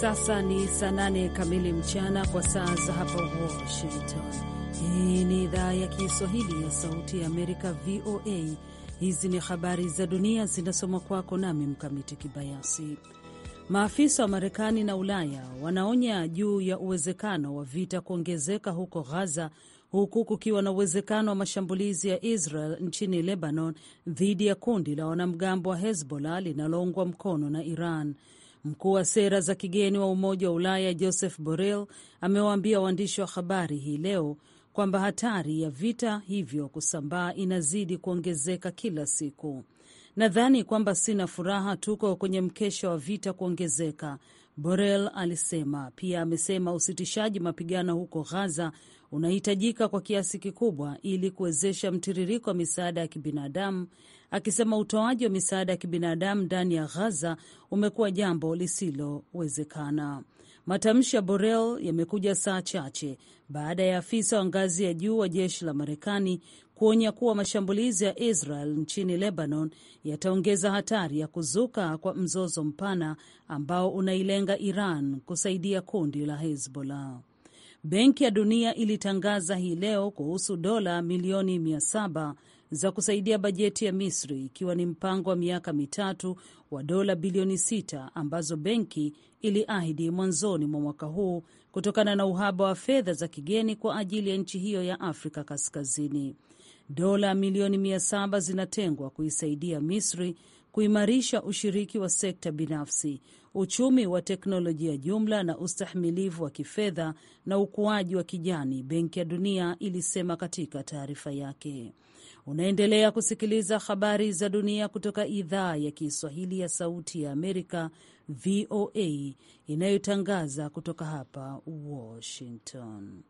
sasa ni saa nane kamili mchana kwa saa za hapa Washington. Hii ni idhaa ya Kiswahili ya Sauti ya Amerika, VOA. Hizi ni habari za dunia zinasoma kwako nami Mkamiti Kibayasi. Maafisa wa Marekani na Ulaya wanaonya juu ya uwezekano wa vita kuongezeka huko Gaza, huku kukiwa na uwezekano wa mashambulizi ya Israel nchini Lebanon dhidi ya kundi la wanamgambo wa Hezbollah linaloungwa mkono na Iran. Mkuu wa sera za kigeni wa Umoja wa Ulaya Joseph Borrell amewaambia waandishi wa habari hii leo kwamba hatari ya vita hivyo kusambaa inazidi kuongezeka kila siku. Nadhani kwamba sina furaha, tuko kwenye mkesha wa vita kuongezeka, Borrell alisema. Pia amesema usitishaji mapigano huko Gaza unahitajika kwa kiasi kikubwa ili kuwezesha mtiririko wa misaada ya kibinadamu, akisema utoaji wa misaada ya kibinadamu ndani ya Gaza umekuwa jambo lisilowezekana. Matamshi ya Borrell yamekuja saa chache baada ya afisa wa ngazi ya juu wa jeshi la Marekani kuonya kuwa mashambulizi ya Israel nchini Lebanon yataongeza hatari ya kuzuka kwa mzozo mpana ambao unailenga Iran kusaidia kundi la Hezbollah. Benki ya Dunia ilitangaza hii leo kuhusu dola milioni mia saba za kusaidia bajeti ya Misri ikiwa ni mpango wa miaka mitatu wa dola bilioni sita ambazo benki iliahidi mwanzoni mwa mwaka huu kutokana na uhaba wa fedha za kigeni kwa ajili ya nchi hiyo ya Afrika Kaskazini dola milioni mia saba zinatengwa kuisaidia Misri kuimarisha ushiriki wa sekta binafsi, uchumi wa teknolojia jumla na ustahimilivu wa kifedha na ukuaji wa kijani, Benki ya Dunia ilisema katika taarifa yake. Unaendelea kusikiliza habari za dunia kutoka idhaa ya Kiswahili ya Sauti ya Amerika, VOA, inayotangaza kutoka hapa Washington.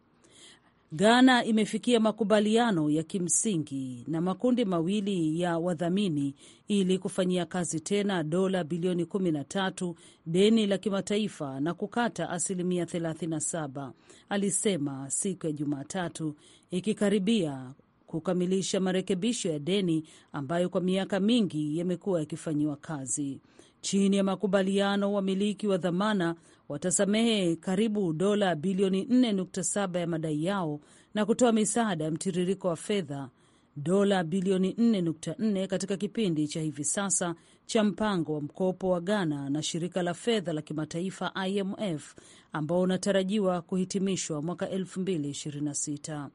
Ghana imefikia makubaliano ya kimsingi na makundi mawili ya wadhamini ili kufanyia kazi tena dola bilioni 13 deni la kimataifa na kukata asilimia 37, alisema siku ya Jumatatu, ikikaribia kukamilisha marekebisho ya deni ambayo kwa miaka mingi yamekuwa yakifanyiwa kazi. Chini ya makubaliano, wamiliki wa dhamana watasamehe karibu dola bilioni 4.7 ya madai yao na kutoa misaada ya mtiririko wa fedha dola bilioni 4.4 katika kipindi cha hivi sasa cha mpango wa mkopo wa Ghana na shirika la fedha la kimataifa IMF ambao unatarajiwa kuhitimishwa mwaka 2026.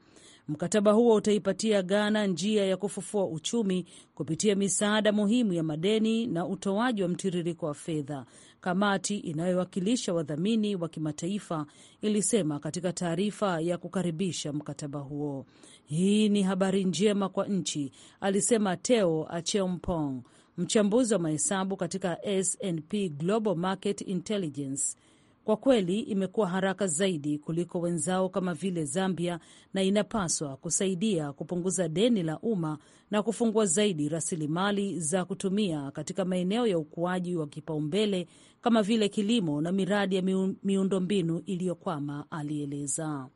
Mkataba huo utaipatia Ghana njia ya kufufua uchumi kupitia misaada muhimu ya madeni na utoaji wa mtiririko wa fedha, kamati inayowakilisha wadhamini wa kimataifa ilisema katika taarifa ya kukaribisha mkataba huo. Hii ni habari njema kwa nchi, alisema Teo Acheampong, mchambuzi wa mahesabu katika SNP Global Market Intelligence. Kwa kweli imekuwa haraka zaidi kuliko wenzao kama vile Zambia na inapaswa kusaidia kupunguza deni la umma na kufungua zaidi rasilimali za kutumia katika maeneo ya ukuaji wa kipaumbele kama vile kilimo na miradi ya miundombinu iliyokwama, alieleza.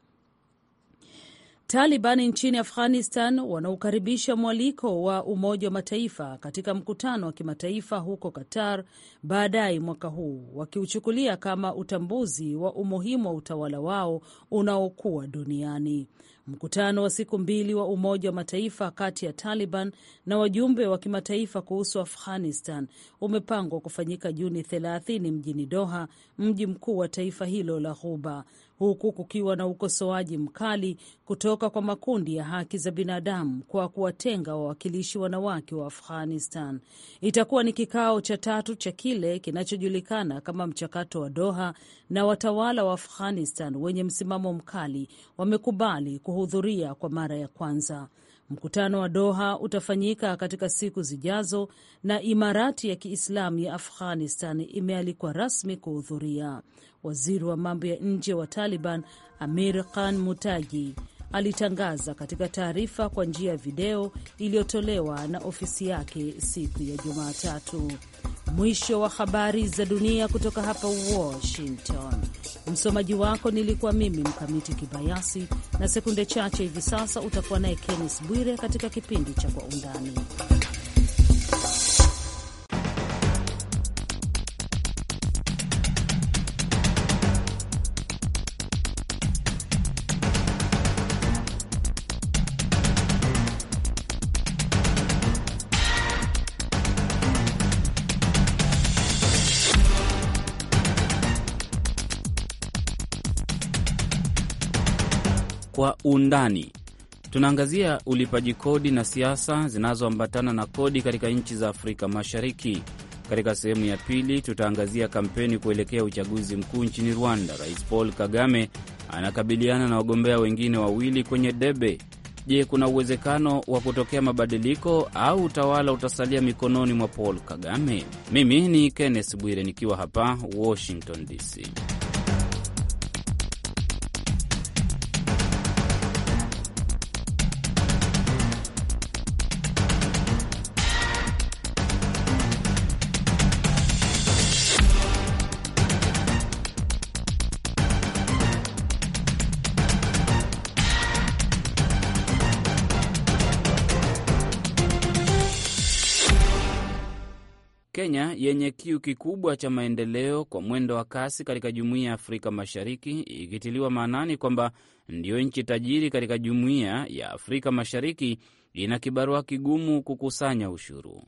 Taliban nchini Afghanistan wanaukaribisha mwaliko wa Umoja wa Mataifa katika mkutano wa kimataifa huko Qatar baadaye mwaka huu, wakiuchukulia kama utambuzi wa umuhimu wa utawala wao unaokuwa duniani. Mkutano wa siku mbili wa Umoja wa Mataifa kati ya Taliban na wajumbe wa kimataifa kuhusu Afghanistan umepangwa kufanyika Juni 30 mjini Doha, mji mkuu wa taifa hilo la Ghuba, huku kukiwa na ukosoaji mkali kutoka kwa makundi ya haki za binadamu kwa kuwatenga wawakilishi wanawake wa Afghanistan. Itakuwa ni kikao cha tatu cha kile kinachojulikana kama mchakato wa Doha, na watawala wa Afghanistan wenye msimamo mkali wamekubali kuhudhuria kwa mara ya kwanza. Mkutano wa Doha utafanyika katika siku zijazo na Imarati ya Kiislamu ya Afghanistan imealikwa rasmi kuhudhuria. Waziri wa mambo ya nje wa Taliban Amir Khan Mutaji alitangaza katika taarifa kwa njia ya video iliyotolewa na ofisi yake siku ya Jumatatu. Mwisho wa habari za dunia kutoka hapa Washington. Msomaji wako nilikuwa mimi Mkamiti Kibayasi, na sekunde chache hivi sasa utakuwa naye Kennes Bwire katika kipindi cha Kwa Undani. undani. Tunaangazia ulipaji kodi na siasa zinazoambatana na kodi katika nchi za Afrika Mashariki. Katika sehemu ya pili, tutaangazia kampeni kuelekea uchaguzi mkuu nchini Rwanda. Rais Paul Kagame anakabiliana na wagombea wengine wawili kwenye debe. Je, kuna uwezekano wa kutokea mabadiliko au utawala utasalia mikononi mwa Paul Kagame? Mimi ni Kenneth Bwire nikiwa hapa Washington DC. yenye kiu kikubwa cha maendeleo kwa mwendo wa kasi katika jumuiya ya Afrika Mashariki, ikitiliwa maanani kwamba ndiyo nchi tajiri katika jumuiya ya Afrika Mashariki, ina kibarua kigumu kukusanya ushuru,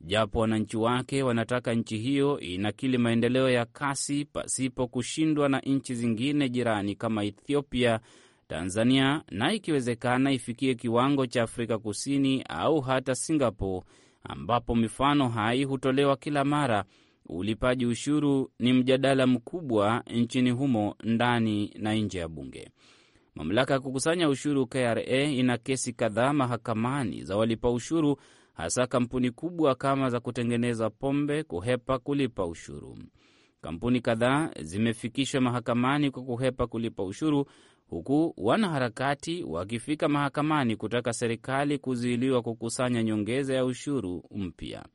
japo wananchi wake wanataka nchi hiyo inakili maendeleo ya kasi pasipo kushindwa na nchi zingine jirani kama Ethiopia, Tanzania na ikiwezekana ifikie kiwango cha Afrika Kusini au hata Singapore ambapo mifano hai hutolewa kila mara, ulipaji ushuru ni mjadala mkubwa nchini humo ndani na nje ya bunge. Mamlaka ya kukusanya ushuru KRA ina kesi kadhaa mahakamani za walipa ushuru, hasa kampuni kubwa kama za kutengeneza pombe kuhepa kulipa ushuru. Kampuni kadhaa zimefikishwa mahakamani kwa kuhepa kulipa ushuru huku wanaharakati wakifika mahakamani kutaka serikali kuzuiliwa kukusanya nyongeza ya ushuru mpya.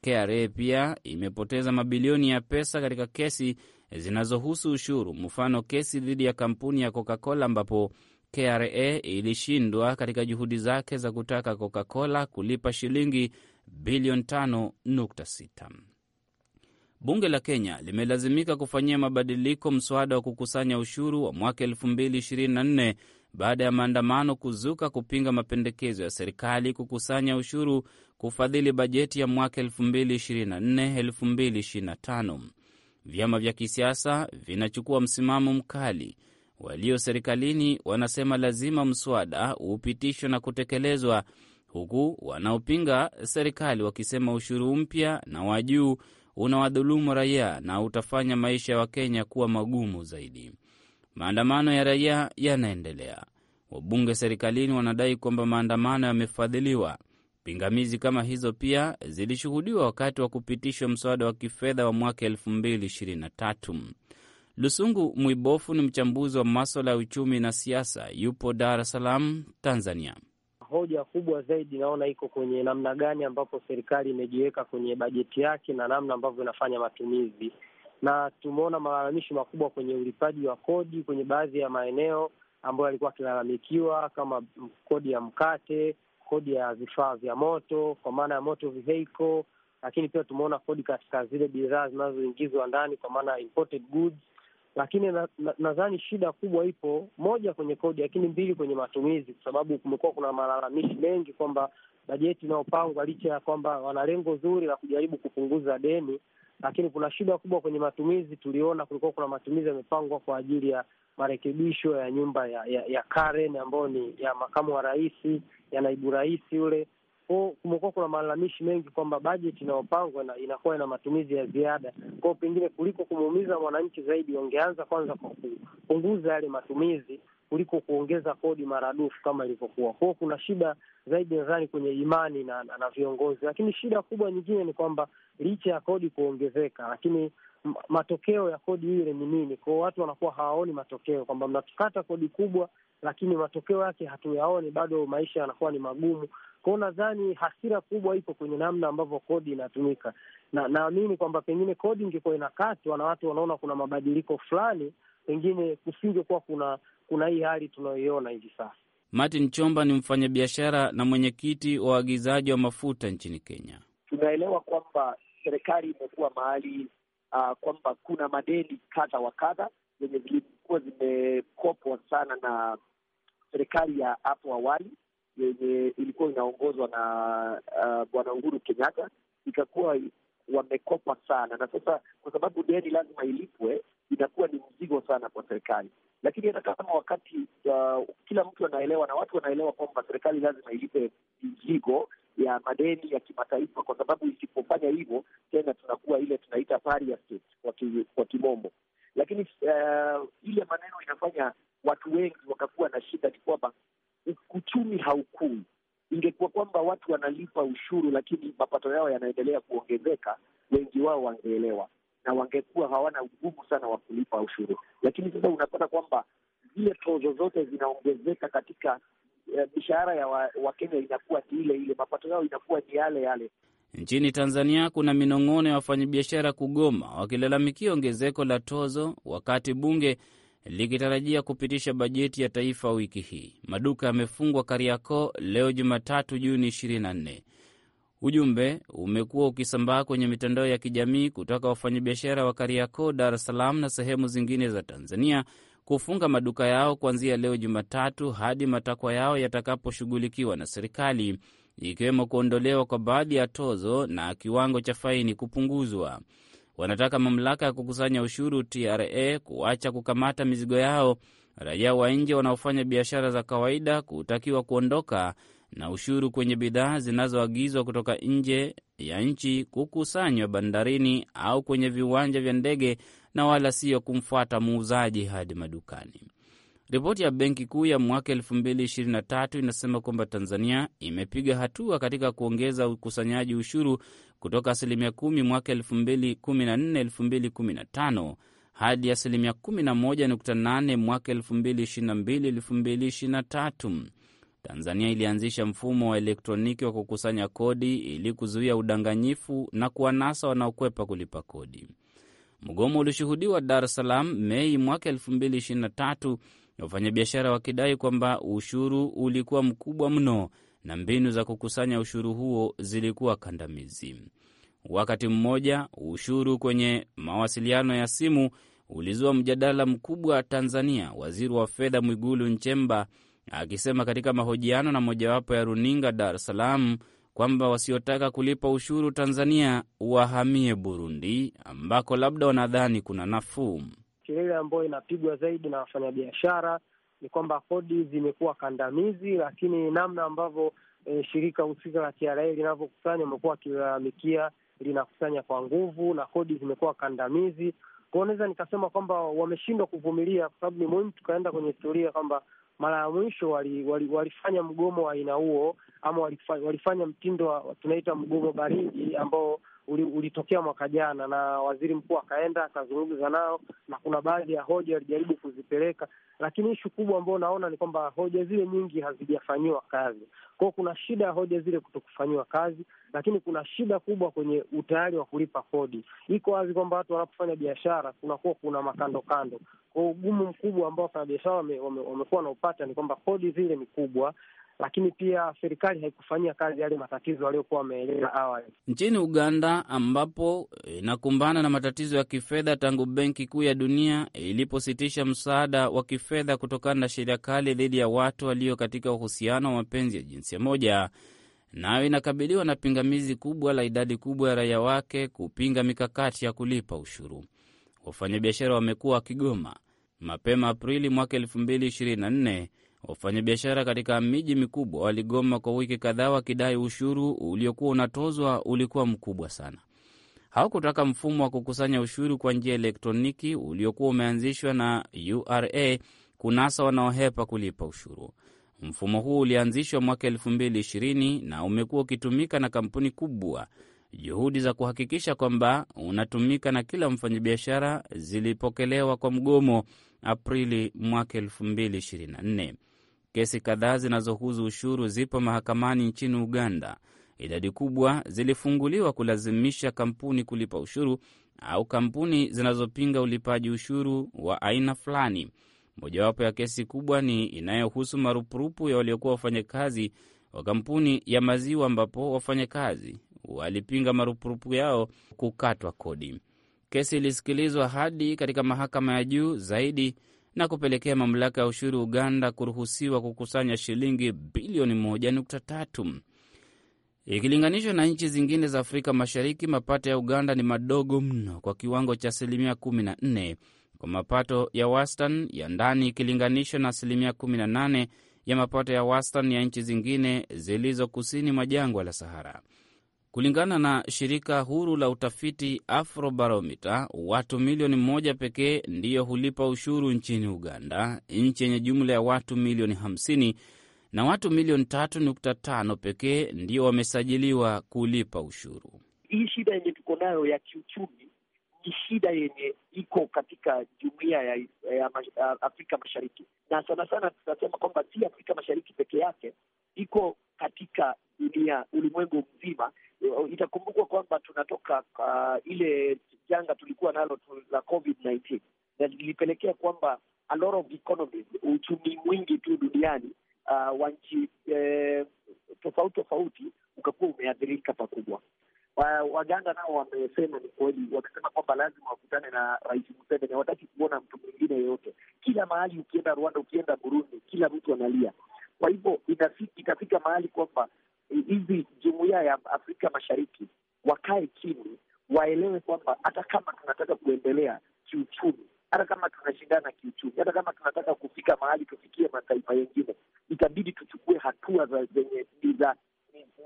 KRA pia imepoteza mabilioni ya pesa katika kesi zinazohusu ushuru, mfano kesi dhidi ya kampuni ya Coca-Cola ambapo KRA ilishindwa katika juhudi zake za kutaka Coca-Cola kulipa shilingi bilioni 5.6. Bunge la Kenya limelazimika kufanyia mabadiliko mswada wa kukusanya ushuru wa mwaka 2024 baada ya maandamano kuzuka kupinga mapendekezo ya serikali kukusanya ushuru kufadhili bajeti ya mwaka 2024-2025. Vyama vya kisiasa vinachukua msimamo mkali. Walio serikalini wanasema lazima mswada upitishwe na kutekelezwa, huku wanaopinga serikali wakisema ushuru mpya na wa juu unawadhulumu raia na utafanya maisha ya Wakenya kuwa magumu zaidi. Maandamano ya raia yanaendelea. Wabunge serikalini wanadai kwamba maandamano yamefadhiliwa. Pingamizi kama hizo pia zilishuhudiwa wakati wa kupitishwa mswada wa kifedha wa mwaka 2023. Lusungu Mwibofu ni mchambuzi wa maswala ya uchumi na siasa, yupo Dar es Salaam, Tanzania hoja kubwa zaidi naona iko kwenye namna gani ambapo serikali imejiweka kwenye bajeti yake na namna ambavyo inafanya matumizi, na tumeona malalamishi makubwa kwenye ulipaji wa kodi kwenye baadhi ya maeneo ambayo yalikuwa akilalamikiwa kama kodi ya mkate, kodi ya vifaa vya moto kwa maana ya moto vehicle, lakini pia tumeona kodi katika zile bidhaa zinazoingizwa ndani kwa maana imported goods lakini nadhani na, na shida kubwa ipo moja kwenye kodi, lakini mbili kwenye matumizi, kwa sababu kumekuwa kuna malalamishi mengi kwamba bajeti inayopangwa licha ya kwamba wana lengo zuri la kujaribu kupunguza deni, lakini kuna shida kubwa kwenye matumizi. Tuliona kulikuwa kuna matumizi yamepangwa kwa ajili ya marekebisho ya nyumba ya, ya, ya Karen ambayo ni ya makamu wa rais, ya naibu rais yule kumekuwa kuna malalamishi mengi kwamba bajeti inayopangwa na inakuwa ina matumizi ya ziada kwao, pengine kuliko kumuumiza mwananchi zaidi, wangeanza kwanza kwa kupunguza yale matumizi kuliko kuongeza kodi maradufu kama ilivyokuwa kwao. Kuna shida zaidi nadhani kwenye imani na, na, na viongozi, lakini shida kubwa nyingine ni kwamba licha ya kodi kuongezeka, lakini matokeo ya kodi ile ni nini? Kwao watu wanakuwa hawaoni matokeo, kwamba mnatukata kodi kubwa lakini matokeo yake hatuyaoni, bado maisha yanakuwa ni magumu kwao. Nadhani hasira kubwa ipo kwenye namna ambavyo kodi inatumika, na naamini kwamba pengine kodi ingekuwa inakatwa na watu wanaona kuna mabadiliko fulani, pengine kusingekuwa kuna kuna hii hali tunayoiona hivi sasa. Martin Chomba ni mfanyabiashara na mwenyekiti wa waagizaji wa mafuta nchini Kenya. Tunaelewa kwamba serikali imekuwa mahali uh, kwamba kuna madeni kadha wa kadha zenye zilikuwa zimekopwa sana na serikali ya hapo awali yenye ilikuwa inaongozwa na uh, Bwana Uhuru Kenyatta ikakuwa wamekopa sana, na sasa kwa sababu deni lazima ilipwe, inakuwa ni mzigo sana kwa serikali. Lakini hata kama wakati uh, kila mtu anaelewa na watu wanaelewa kwamba serikali lazima ilipe mzigo ya madeni ya kimataifa, kwa sababu isipofanya hivyo tena tunakuwa ile tunaita pariah state kwa, ki, kwa kimombo. Lakini uh, ile maneno inafanya watu wengi wakakuwa na shida ni kwamba uchumi haukui. Ingekuwa kwamba watu wanalipa ushuru lakini mapato yao yanaendelea kuongezeka, wengi wao wangeelewa na wangekuwa hawana ugumu sana wa kulipa ushuru. Lakini sasa unapata kwamba zile tozo zote zinaongezeka katika eh, mishahara ya Wakenya wa inakuwa ni ile ile, mapato yao inakuwa ni yale yale. Nchini Tanzania kuna minong'ono ya wafanyabiashara kugoma wakilalamikia ongezeko la tozo, wakati bunge likitarajia kupitisha bajeti ya taifa wiki hii. Maduka yamefungwa Kariakoo leo Jumatatu, Juni 24. Ujumbe umekuwa ukisambaa kwenye mitandao ya kijamii kutoka wafanyabiashara wa Kariakoo, Dar es Salaam na sehemu zingine za Tanzania kufunga maduka yao kuanzia leo Jumatatu hadi matakwa yao yatakaposhughulikiwa na serikali, ikiwemo kuondolewa kwa baadhi ya tozo na kiwango cha faini kupunguzwa wanataka mamlaka ya kukusanya ushuru TRA kuacha kukamata mizigo yao. Raia wa nje wanaofanya biashara za kawaida kutakiwa kuondoka na ushuru kwenye bidhaa zinazoagizwa kutoka nje ya nchi kukusanywa bandarini au kwenye viwanja vya ndege na wala sio kumfuata muuzaji hadi madukani. Ripoti ya Benki Kuu ya mwaka 2023 inasema kwamba Tanzania imepiga hatua katika kuongeza ukusanyaji ushuru kutoka asilimia 10 mwaka 2014 2015 hadi asilimia 11.8 mwaka 2022 2023. Tanzania ilianzisha mfumo wa elektroniki wa kukusanya kodi ili kuzuia udanganyifu na kuwanasa wanaokwepa kulipa kodi. Mgomo ulishuhudiwa Dar es Salaam Mei mwaka 2023 na wafanyabiashara wakidai kwamba ushuru ulikuwa mkubwa mno na mbinu za kukusanya ushuru huo zilikuwa kandamizi. Wakati mmoja ushuru kwenye mawasiliano ya simu ulizua mjadala mkubwa Tanzania, waziri wa fedha Mwigulu Nchemba akisema katika mahojiano na mojawapo ya runinga Dar es Salaam kwamba wasiotaka kulipa ushuru Tanzania wahamie Burundi ambako labda wanadhani kuna nafuu kelele ambayo inapigwa zaidi na wafanyabiashara ni kwamba kodi zimekuwa kandamizi, lakini namna ambavyo e, shirika husika la TRA linavyokusanya amekuwa wakilalamikia linakusanya kwa nguvu na kodi zimekuwa kandamizi. Kwao unaweza nikasema kwamba wameshindwa kuvumilia, kwa sababu ni muhimu tukaenda kwenye historia kwamba mara ya mwisho walifanya wali, mgomo wa aina huo ama walifanya mtindo wa, tunaita mgomo baridi ambao ulitokea mwaka jana, na waziri mkuu akaenda akazungumza nao, na kuna baadhi ya hoja alijaribu kuzipeleka, lakini ishu kubwa ambayo unaona ni kwamba hoja zile nyingi hazijafanyiwa kazi. Kwao kuna shida ya hoja zile kutokufanyiwa kazi, lakini kuna shida kubwa kwenye utayari wa kulipa kodi. Iko wazi kwamba watu wanapofanya biashara kunakuwa kuna makando kando. Kwa ugumu mkubwa ambao wafanyabiashara wamekuwa wame, wame wanaupata ni kwamba kodi zile ni kubwa, lakini pia serikali haikufanyia kazi yale matatizo waliokuwa wameeleza awali. Nchini Uganda ambapo eh, inakumbana na matatizo ya kifedha tangu Benki Kuu ya Dunia eh, ilipositisha msaada wa kifedha kutokana na sheria kali dhidi ya watu walio katika uhusiano wa mapenzi ya jinsia moja, nayo inakabiliwa na pingamizi kubwa la idadi kubwa ya raia wake kupinga mikakati ya kulipa ushuru. Wafanyabiashara wamekuwa wakigoma. Mapema Aprili mwaka nne Wafanyabiashara katika miji mikubwa waligoma kwa wiki kadhaa, wakidai ushuru uliokuwa unatozwa ulikuwa mkubwa sana. Hawakutaka mfumo wa kukusanya ushuru kwa njia elektroniki uliokuwa umeanzishwa na URA kunasa wanaohepa kulipa ushuru. Mfumo huu ulianzishwa mwaka 2020 na umekuwa ukitumika na kampuni kubwa. Juhudi za kuhakikisha kwamba unatumika na kila mfanyabiashara zilipokelewa kwa mgomo Aprili mwaka 2024. Kesi kadhaa zinazohusu ushuru zipo mahakamani nchini Uganda. Idadi kubwa zilifunguliwa kulazimisha kampuni kulipa ushuru au kampuni zinazopinga ulipaji ushuru wa aina fulani. Mojawapo ya kesi kubwa ni inayohusu marupurupu ya waliokuwa wafanyakazi wa kampuni ya maziwa, ambapo wafanyakazi walipinga marupurupu yao kukatwa kodi. Kesi ilisikilizwa hadi katika mahakama ya juu zaidi na kupelekea mamlaka ya ushuru Uganda kuruhusiwa kukusanya shilingi bilioni 1.3 ikilinganishwa na nchi zingine za Afrika Mashariki. Mapato ya Uganda ni madogo mno kwa kiwango cha asilimia 14 kwa mapato ya wastani ya ndani ikilinganishwa na asilimia 18 ya mapato ya wastani ya nchi zingine zilizo kusini mwa jangwa la Sahara. Kulingana na shirika huru la utafiti Afrobaromita, watu milioni moja pekee ndiyo hulipa ushuru nchini Uganda, nchi yenye jumla ya watu milioni 50, na watu milioni 3.5 pekee ndio wamesajiliwa kulipa ushuru. Hii shida yenye tuko nayo ya kiuchumi ni shida yenye iko katika jumuiya ya, ya, ya Afrika Mashariki, na sana sana tunasema kwamba si Afrika Mashariki peke yake, iko katika dunia, ulimwengu mzima tunatoka uh, ile janga tulikuwa nalo la Covid 19 na lilipelekea kwamba a lot of economies, uchumi mwingi tu duniani uh, wa nchi eh, tofauti tofauti ukakuwa umeathirika pakubwa. Waganda nao wamesema ni kweli, wamesema kwamba lazima wakutane na Rais Museveni, hawataki kuona mtu mwingine yeyote. Kila mahali ukienda Rwanda, ukienda Burundi, kila mtu analia. Kwa hivyo itafika mahali kwamba eh, hizi jumuiya ya Afrika Mashariki wakae chini, waelewe kwamba hata kama tunataka kuendelea kiuchumi, hata kama tunashindana kiuchumi, hata kama tunataka kufika mahali tufikie mataifa yengine, itabidi tuchukue hatua zenye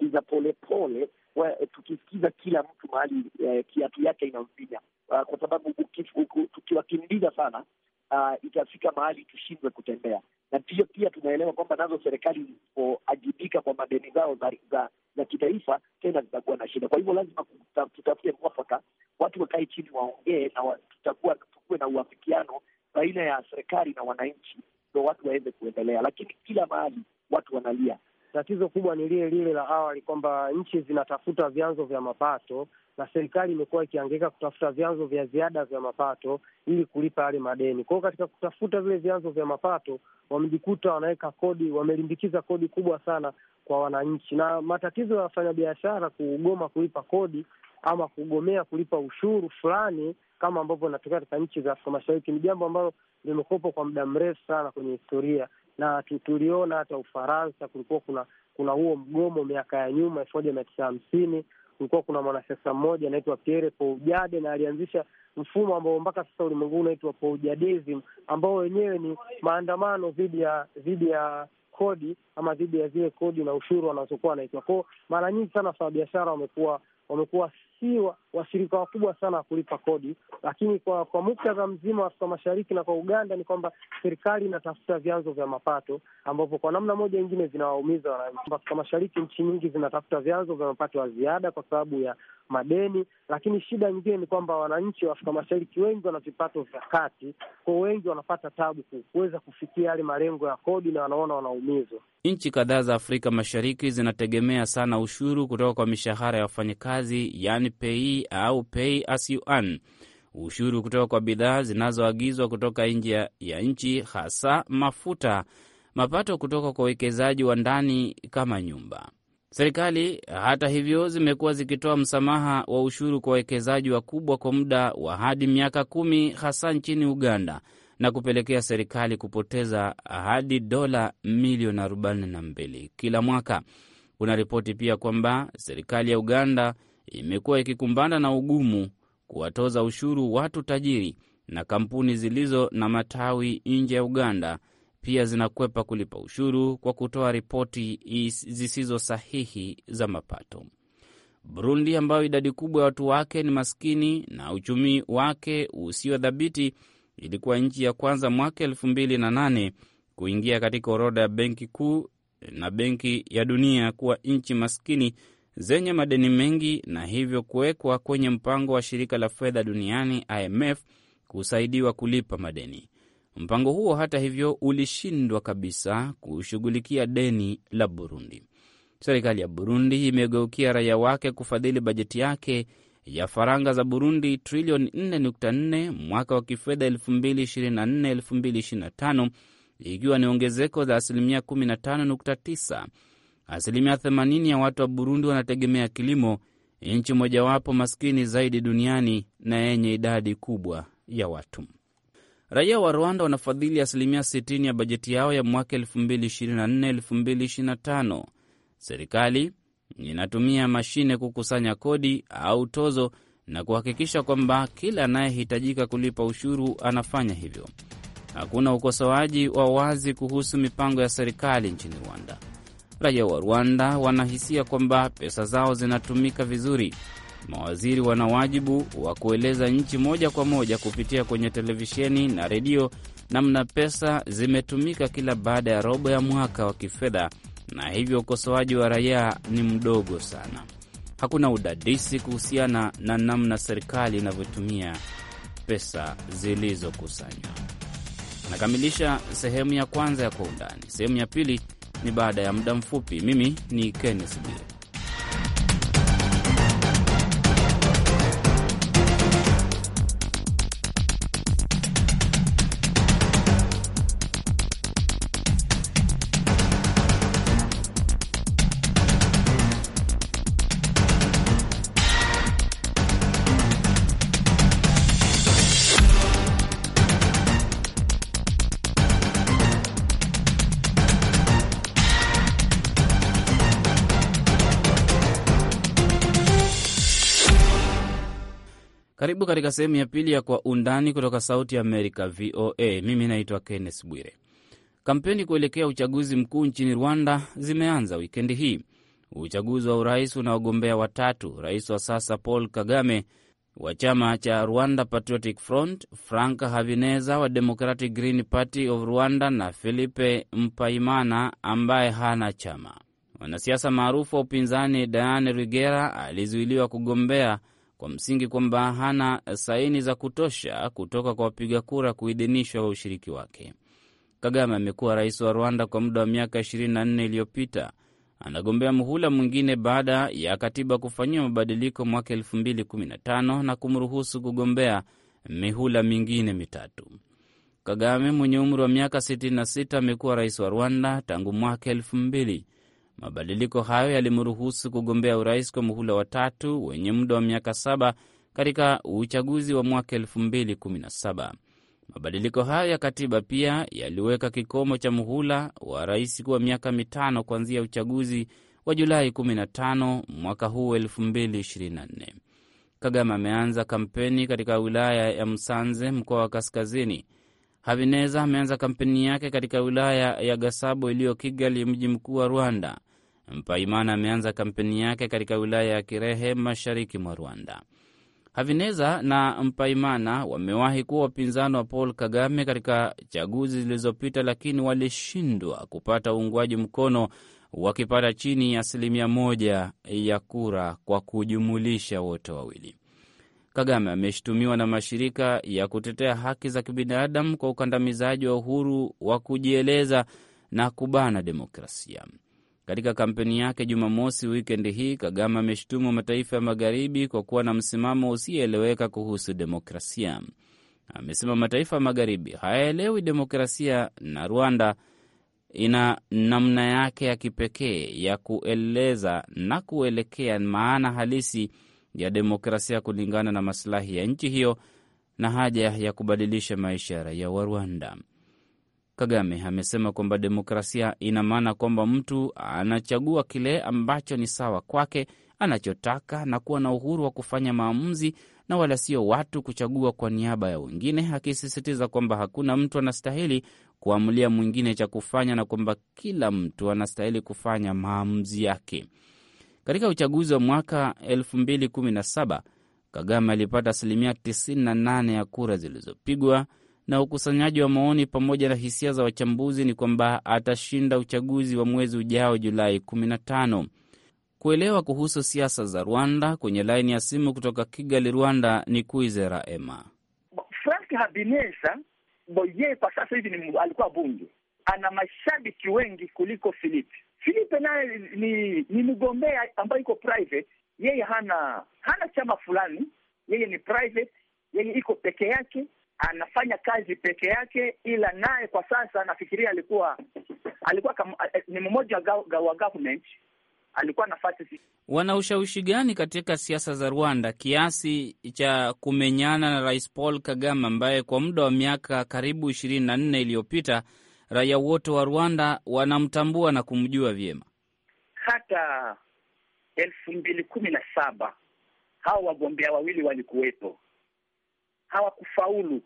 ni za polepole, tukisikiza kila mtu mahali eh, kiatu yake inamfinya, uh, kwa sababu tukiwakimbiza sana uh, itafika mahali tushindwe kutembea na pia pia tunaelewa kwamba nazo serikali zisipoajibika kwa madeni zao za, za, za kitaifa tena zitakuwa na shida. Kwa hivyo lazima tutafute mwafaka, watu wakae chini waongee, na tutakuwa tukuwe na uafikiano baina ya serikali na wananchi, ndo watu waweze kuendelea. Lakini kila mahali watu wanalia, Tatizo kubwa ni lile lile la awali kwamba nchi zinatafuta vyanzo vya mapato na serikali imekuwa ikiangaika kutafuta vyanzo vya ziada vya mapato ili kulipa yale madeni. Kwa hiyo katika kutafuta vile vyanzo vya mapato wamejikuta wanaweka kodi, wamelimbikiza kodi kubwa sana kwa wananchi, na matatizo ya wafanyabiashara kugoma kulipa kodi ama kugomea kulipa ushuru fulani, kama ambavyo inatokea katika nchi za Afrika Mashariki, ni jambo ambalo limekopo kwa muda mrefu sana kwenye historia, na tuliona hata Ufaransa kulikuwa kuna kuna huo mgomo miaka ya nyuma elfu moja mia tisa hamsini kulikuwa kuna mwanasiasa mmoja anaitwa Pierre Poujade na alianzisha mfumo ambao mpaka sasa ulimwengu unaitwa Poujadism ambao wenyewe ni maandamano dhidi ya dhidi ya kodi ama dhidi ya zile kodi na ushuru wanazokuwa wanaitwa kwao. Mara nyingi sana wafanyabiashara wamekuwa wamekuwa si washirika wakubwa sana wa kulipa kodi, lakini kwa kwa muktadha mzima wa Afrika Mashariki na kwa Uganda ni kwamba serikali inatafuta vyanzo vya mapato ambavyo kwa namna moja ingine vinawaumiza wananchi. Afrika Mashariki nchi nyingi zinatafuta vyanzo vya mapato ya ziada kwa sababu ya madeni, lakini shida nyingine ni kwamba wananchi wa Afrika Mashariki wengi wana vipato vya kati, kwa wengi wanapata tabu kuweza kufikia yale malengo ya kodi na wanaona wanaumizwa. Nchi kadhaa za Afrika Mashariki zinategemea sana ushuru kutoka kwa mishahara ya wafanyakazi, yani pei au pay as you earn, ushuru kutoka kwa bidhaa zinazoagizwa kutoka nje ya nchi, hasa mafuta, mapato kutoka kwa uwekezaji wa ndani kama nyumba. Serikali hata hivyo, zimekuwa zikitoa msamaha wa ushuru kwa wawekezaji wakubwa kwa muda wa hadi miaka kumi, hasa nchini Uganda, na kupelekea serikali kupoteza hadi dola milioni 42 kila mwaka. Kuna ripoti pia kwamba serikali ya Uganda imekuwa ikikumbana na ugumu kuwatoza ushuru watu tajiri na kampuni zilizo na matawi nje ya Uganda pia zinakwepa kulipa ushuru kwa kutoa ripoti zisizo sahihi za mapato. Burundi, ambayo idadi kubwa ya watu wake ni maskini na uchumi wake usio dhabiti ilikuwa nchi ya kwanza mwaka elfu mbili na nane kuingia katika orodha ya Benki Kuu na Benki ya Dunia kuwa nchi maskini zenye madeni mengi na hivyo kuwekwa kwenye mpango wa shirika la fedha duniani IMF kusaidiwa kulipa madeni. Mpango huo hata hivyo ulishindwa kabisa kushughulikia deni la Burundi. Serikali ya Burundi imegeukia raia wake kufadhili bajeti yake ya faranga za Burundi trilioni 4.4 mwaka wa kifedha 2024/2025 ikiwa ni ongezeko la asilimia 15.9 Asilimia 80 ya watu wa Burundi wanategemea kilimo, nchi mojawapo maskini zaidi duniani na yenye idadi kubwa ya watu. Raia wa Rwanda wanafadhili asilimia 60 ya bajeti yao ya mwaka 2024-2025. Serikali inatumia mashine kukusanya kodi au tozo na kuhakikisha kwamba kila anayehitajika kulipa ushuru anafanya hivyo. Hakuna ukosoaji wa wazi kuhusu mipango ya serikali nchini Rwanda. Raia wa Rwanda wanahisia kwamba pesa zao zinatumika vizuri. Mawaziri wana wajibu wa kueleza nchi moja kwa moja kupitia kwenye televisheni na redio namna pesa zimetumika kila baada ya robo ya mwaka wa kifedha, na hivyo ukosoaji wa raia ni mdogo sana. Hakuna udadisi kuhusiana na namna serikali inavyotumia pesa zilizokusanywa. Nakamilisha sehemu ya kwanza ya Kwa Undani. Sehemu ya pili ni baada ya muda mfupi. Mimi ni Kenneth Bwire. Karibu katika sehemu ya pili ya Kwa Undani kutoka Sauti ya Amerika, VOA. Mimi naitwa Kenneth Bwire. Kampeni kuelekea uchaguzi mkuu nchini Rwanda zimeanza wikendi hii. Uchaguzi wa urais una wagombea watatu: rais wa sasa Paul Kagame wa chama cha Rwanda Patriotic Front, Frank Habineza wa Democratic Green Party of Rwanda na Filipe Mpayimana ambaye hana chama. Mwanasiasa maarufu wa upinzani Diane rigera alizuiliwa kugombea kwa msingi kwamba hana saini za kutosha kutoka kwa wapiga kura kuidhinishwa wa ushiriki wake. Kagame amekuwa rais wa Rwanda kwa muda wa miaka 24 iliyopita. Anagombea muhula mwingine baada ya katiba kufanyiwa mabadiliko mwaka 2015 na kumruhusu kugombea mihula mingine mitatu. Kagame mwenye umri wa miaka 66 amekuwa rais wa Rwanda tangu mwaka Mabadiliko hayo yalimruhusu kugombea urais kwa muhula wa tatu wenye muda wa miaka saba katika uchaguzi wa mwaka 2017. Mabadiliko hayo ya katiba pia yaliweka kikomo cha muhula wa rais kuwa miaka mitano kuanzia uchaguzi wa Julai 15 mwaka huu 2024. Kagame ameanza kampeni katika wilaya ya Msanze, mkoa wa Kaskazini. Habineza ameanza kampeni yake katika wilaya ya Gasabo iliyo Kigali, mji mkuu wa Rwanda. Mpaimana ameanza kampeni yake katika wilaya ya Kirehe, mashariki mwa Rwanda. Havineza na Mpaimana wamewahi kuwa wapinzani wa Paul Kagame katika chaguzi zilizopita, lakini walishindwa kupata uungwaji mkono, wakipata chini ya asilimia moja ya kura kwa kujumulisha wote wawili. Kagame ameshutumiwa na mashirika ya kutetea haki za kibinadamu kwa ukandamizaji wa uhuru wa kujieleza na kubana demokrasia. Katika kampeni yake Jumamosi wikendi hii, Kagame ameshutumu mataifa ya magharibi kwa kuwa na msimamo usiyeeleweka kuhusu demokrasia. Amesema mataifa ya magharibi hayaelewi demokrasia na Rwanda ina namna yake ya kipekee ya kueleza na kuelekea maana halisi ya demokrasia kulingana na masilahi ya nchi hiyo na haja ya kubadilisha maisha ya raia wa Rwanda. Kagame amesema kwamba demokrasia ina maana kwamba mtu anachagua kile ambacho ni sawa kwake, anachotaka na kuwa na uhuru wa kufanya maamuzi na wala sio watu kuchagua kwa niaba ya wengine, akisisitiza kwamba hakuna mtu anastahili kuamulia mwingine cha kufanya na kwamba kila mtu anastahili kufanya maamuzi yake. Katika uchaguzi wa mwaka 2017 Kagame alipata asilimia 98 ya kura zilizopigwa na ukusanyaji wa maoni pamoja na hisia za wachambuzi ni kwamba atashinda uchaguzi wa mwezi ujao Julai 15. Kuelewa kuhusu siasa za Rwanda, kwenye laini ya simu kutoka Kigali, Rwanda, ni Kuizera Ema. Frank Habineza Boye kwa sasa hivi ni alikuwa bunge, ana mashabiki wengi kuliko Philipe. Filipe naye ni ni mgombea ambayo iko private, yeye hana hana chama fulani, yeye ni private, yeye iko peke yake anafanya kazi peke yake, ila naye kwa sasa nafikiria alikuwa alikuwa kam, eh, ni mmoja wa government alikuwa nafasi. Wana ushawishi gani katika siasa za Rwanda kiasi cha kumenyana na Rais Paul Kagame ambaye kwa muda wa miaka karibu ishirini na nne iliyopita raia wote wa Rwanda wanamtambua na kumjua vyema. Hata elfu mbili kumi na saba hawa wagombea wawili walikuwepo, hawakufaulu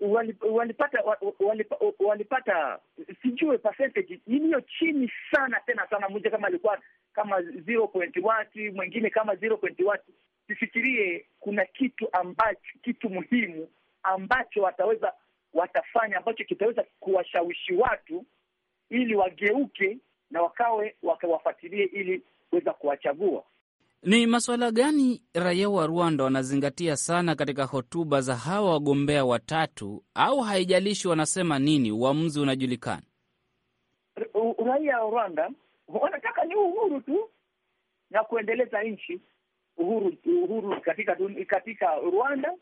walipata walipata, walipata sijue percentage iliyo chini sana tena sana. Mmoja kama alikuwa kama 0.1 mwingine kama 0.1. Sifikirie kuna kitu ambacho kitu muhimu ambacho wataweza watafanya ambacho kitaweza kuwashawishi watu ili wageuke na wakawe wakawafuatilie ili kuweza kuwachagua. Ni masuala gani raia wa Rwanda wanazingatia sana katika hotuba za hawa wagombea watatu, au haijalishi wanasema nini, uamuzi unajulikana? Raia wa Rwanda wanataka ni uhuru tu na kuendeleza nchi, uhuru uhuru katika katika Rwanda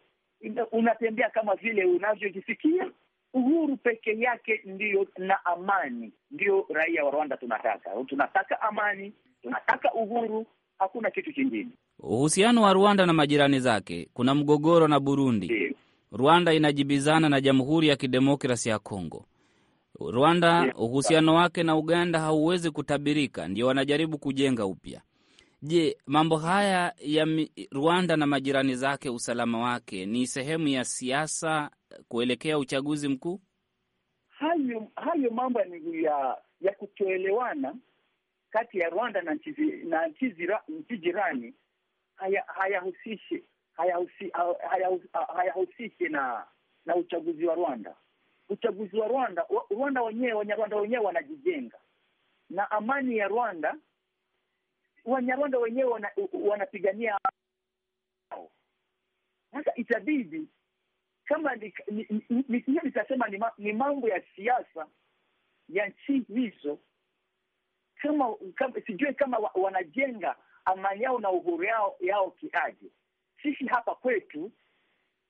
unatembea kama vile unavyojisikia. Uhuru peke yake ndiyo, na amani ndiyo raia wa Rwanda tunataka. Tunataka amani, tunataka uhuru hakuna kitu kingine. Uhusiano wa Rwanda na majirani zake, kuna mgogoro na Burundi Yeah. Rwanda inajibizana na Jamhuri ya Kidemokrasi ya Kongo. Rwanda, uhusiano wake na Uganda hauwezi kutabirika, ndio wanajaribu kujenga upya. Je, mambo haya ya Rwanda na majirani zake, usalama wake ni sehemu ya siasa kuelekea uchaguzi mkuu? Hayo hayo mambo ya ya kutoelewana kati ya Rwanda na nchi na nchi jirani hayahusishi haya haya haya haya na na uchaguzi wa Rwanda. Uchaguzi wa Rwanda, Rwanda wenyewe, Wanyarwanda wenyewe wanajijenga na amani ya Rwanda. Wanyarwanda wenyewe wana, wanapigania sasa. Itabidi kama nitasema ni, ni, ni, ni, ni mambo ya siasa ya nchi hizo sijue kama wanajenga amani yao na uhuru yao yao kiaje. Sisi hapa kwetu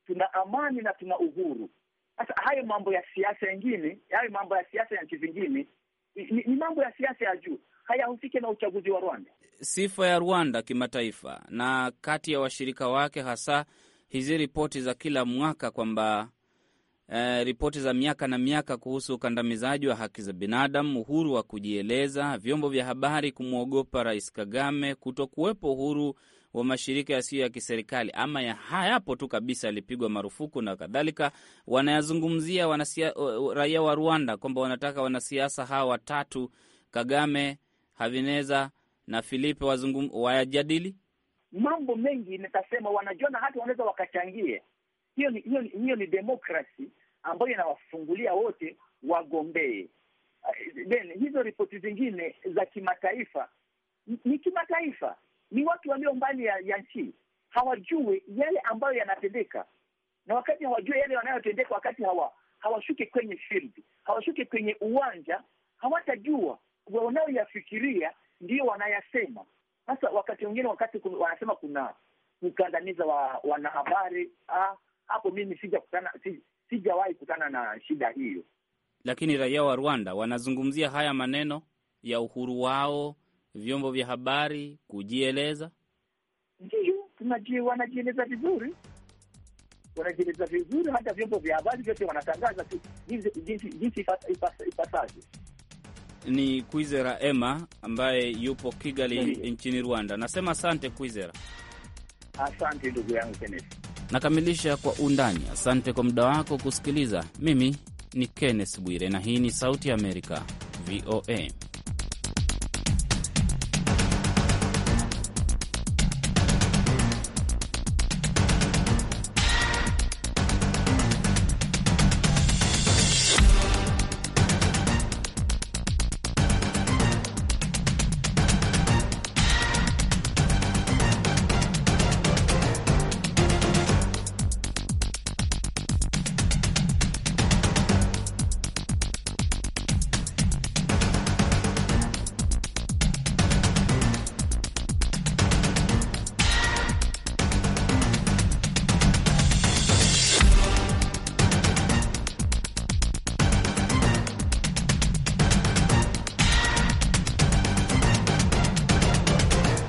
tuna amani na tuna uhuru. Sasa hayo mambo ya siasa yengine, hayo mambo ya siasa ya nchi zingine ni, ni mambo ya siasa ya juu, hayahusiki na uchaguzi wa Rwanda. Sifa ya Rwanda kimataifa na kati ya washirika wake, hasa hizi ripoti za kila mwaka kwamba eh, ripoti za miaka na miaka kuhusu ukandamizaji wa haki za binadamu, uhuru wa kujieleza, vyombo vya habari kumwogopa Rais Kagame, kutokuwepo uhuru wa mashirika yasiyo ya kiserikali ama ya hayapo tu kabisa, yalipigwa marufuku na kadhalika. Wanayazungumzia wanasia, raia wa Rwanda kwamba wanataka wanasiasa hawa watatu Kagame, havineza na Filipe wayajadili mambo mengi, nitasema wanajiona hata wanaweza wakachangie. Hiyo ni, hiyo ni, hiyo ni demokrasi ambayo inawafungulia wote wagombee. Eh, then hizo ripoti zingine za kimataifa ni kimataifa, ni watu walio mbali ya, ya nchi hawajui yale ambayo yanatendeka, na wakati hawajui yale yanayotendeka, wakati hawa hawashuke kwenye field, hawashuke kwenye uwanja, hawatajua. Wanaoyafikiria ndio wanayasema. Sasa wakati mwingine, wakati kum, wanasema kuna kukandamiza wa, wanahabari. Ah, hapo mimi sijakutana, sijawahi kutana na shida hiyo. Lakini raia wa Rwanda wanazungumzia haya maneno ya uhuru wao, vyombo vya habari kujieleza. Ndiyo, wanajieleza vizuri, wanajieleza vizuri, hata vyombo vya habari vyote wanatangaza jinsi ipasavyo. Ni Kwizera Emma ambaye yupo Kigali nchini Rwanda. Nasema asante Kwizera. Asante ndugu yangu Kenneth. Nakamilisha kwa undani. Asante kwa muda wako kusikiliza. Mimi ni Kenneth Bwire na hii ni Sauti ya Amerika, VOA.